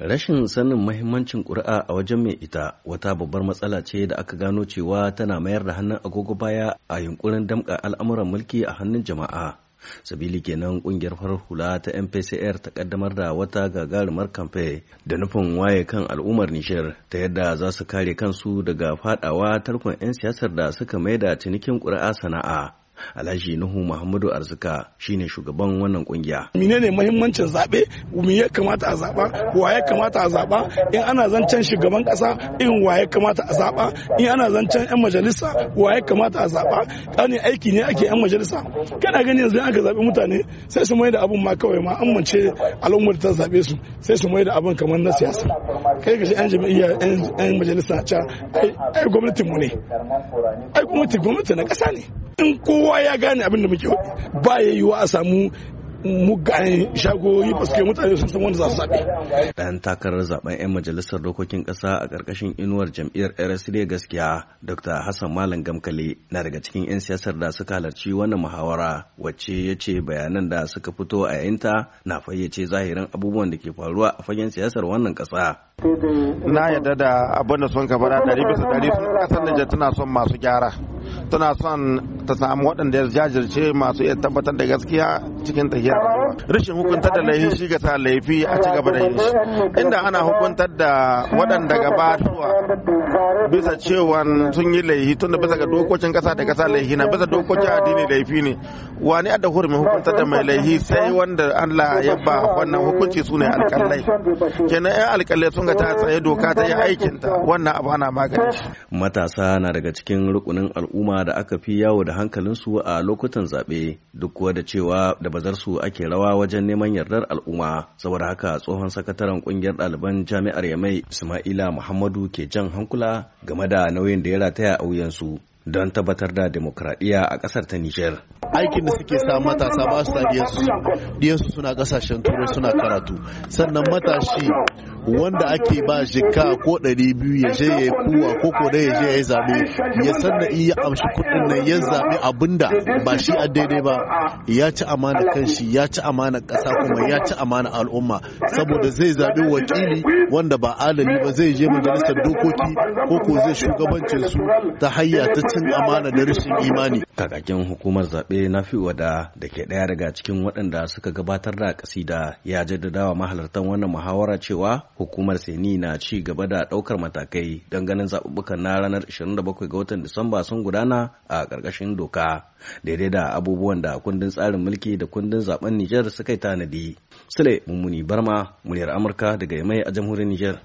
Rashin sanin mahimmancin ƙuri'a a wajen mai ita wata babbar matsala ce da aka gano cewa tana mayar da hannun agogo baya a yunkurin damƙa al'amuran mulki a hannun jama'a. Sabili kenan ƙungiyar farar hula ta MPCR ta kaddamar da wata gagarumar kamfe da nufin waye kan al'ummar Nishir ta yadda za su kare kansu daga fadawa tarkon 'yan siyasar da suka maida cinikin ƙuri'a sana'a. Alhaji Nuhu Muhammadu Arzika shine shugaban wannan kungiya. Menene muhimmancin zabe? Me ya kamata a zaba? Wa ya kamata a zaba? In ana zancen shugaban kasa in wa ya kamata a zaba? In ana zancen yan majalisa wa ya kamata a zaba? Kani aiki ne ake yan majalisa. Kana gani yanzu aka zabe mutane sai su mai da abun ma kawai ma an al'ummar ta zabe su sai su mai da abun kamar na siyasa. Kai ga shi yan jami'a yan majalisa a ai gwamnatin mu ne. Ai gwamnati gwamnati na kasa ne. in kowa ya gane abin da muke ba ya yiwa a samu mugayen shagoyi ba suke mutane sun san wanda za su zaɓe. Ɗan takarar zaben 'yan majalisar dokokin ƙasa a ƙarƙashin inuwar jam'iyyar RSD gaskiya Dr. Hassan Malam Gamkale na daga cikin 'yan siyasar da suka halarci wannan muhawara wacce ya ce bayanan da suka fito a yayinta na fayyace zahirin abubuwan da ke faruwa a fagen siyasar wannan ƙasa. Na yarda da abin da sun kafa da ɗari bisa ɗari sun ƙasar Nijar tana son masu gyara. tana son ta samu waɗanda ya jajirce masu iya tabbatar da gaskiya cikin tahiyar rashin hukuntar da laifi shi ga sa laifi a ci gaba da yin shi inda ana hukuntar da waɗanda gabatuwa bisa cewa sun yi laifi tunda bisa ga dokokin kasa da kasa laifi na bisa dokokin addini laifi ne wani adda hurumin hukuntar da mai laifi sai wanda Allah ya ba wannan hukunci sune alƙalai kenan yan alƙalai sun ga ta tsaye doka ta yi aikin ta wannan abu ana magani matasa na daga cikin rukunin al'umma da aka fi yawo da hankalinsu a lokutan zaɓe duk kuwa da cewa da bazarsu ake rawa wajen neman yardar al'umma saboda haka tsohon sakataren kungiyar ɗaliban jami'ar yamai ismaila muhammadu ke jan hankula game da nauyin da ya rataya a wuyansu don tabbatar da demokradiyya a ƙasar ta nijar aikin da suke sa matasa ba su diyarsu su suna kasashen turai suna karatu sannan matashi wanda ake ba jika ko ɗari biyu ya je ya kuwa ko ko ya je ya yi zaɓe ya san da iya amshi kuɗin nan ya zaɓe abinda ba shi a daidai ba ya ci amana kanshi ya ci amana ƙasa kuma ya ci amana al'umma saboda zai zaɓe wakili wanda ba adali ba zai je majalisar dokoki ko ko zai shugabancin su ta hayya ta cin amana da rashin imani kakakin hukumar zaɓe dai nafi wada da ke ɗaya daga cikin waɗanda suka gabatar da kasida ya jaddadawa wa mahalartan wannan muhawara cewa hukumar seni na ci gaba da ɗaukar matakai don ganin zaɓuɓɓukan na ranar 27 ga watan disamba sun gudana a ƙarƙashin doka daidai da abubuwan da kundin tsarin mulki da kundin zaɓen nijar suka yi tanadi sule mummuni barma muryar amurka daga yamai a jamhuriyar nijar